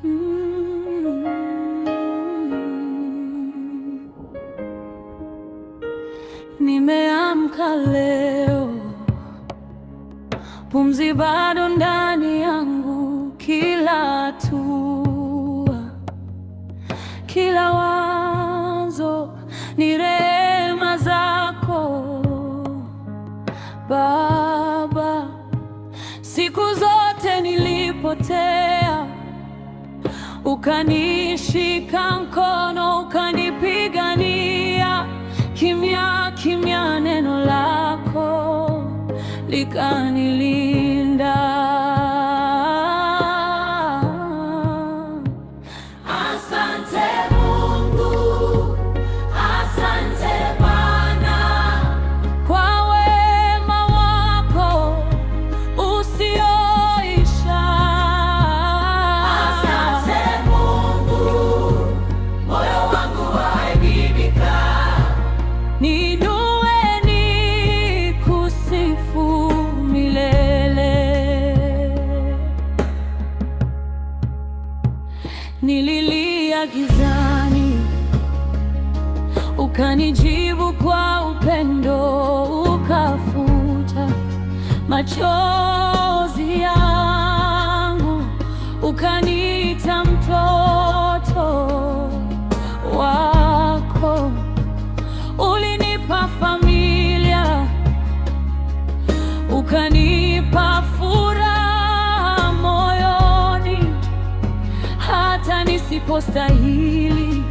Mm-hmm. Nimeamka leo, pumzi bado ndani yangu, kila hatua, kila wazo ni nilipotea, ukanishika mkono, ukanipigania kimya kimya, neno lako likanilia Ukanijibu kwa upendo, ukafuta machozi yangu, ukaniita mtoto wako. Ulinipa familia, ukanipa furaha moyoni, hata nisipostahili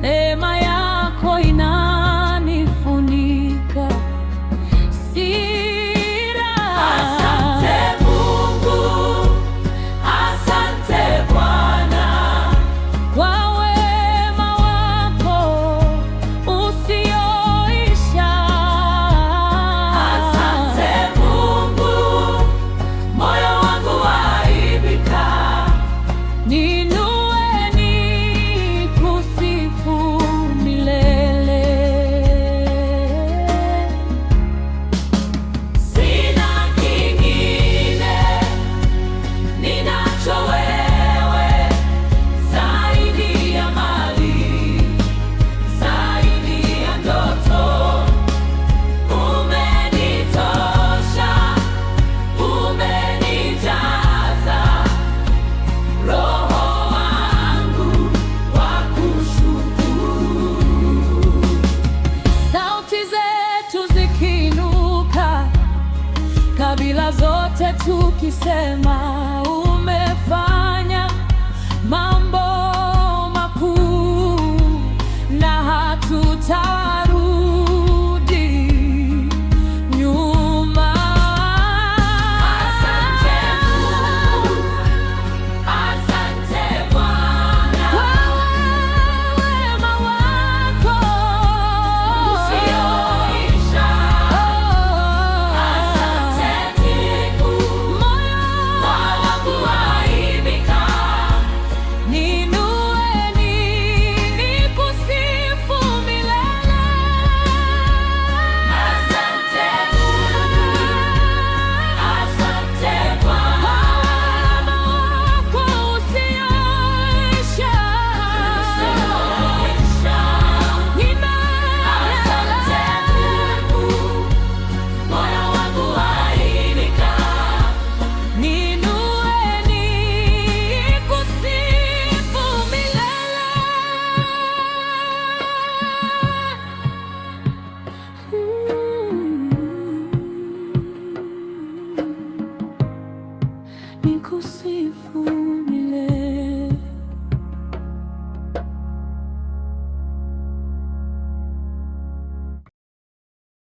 neema enough. zote tukisema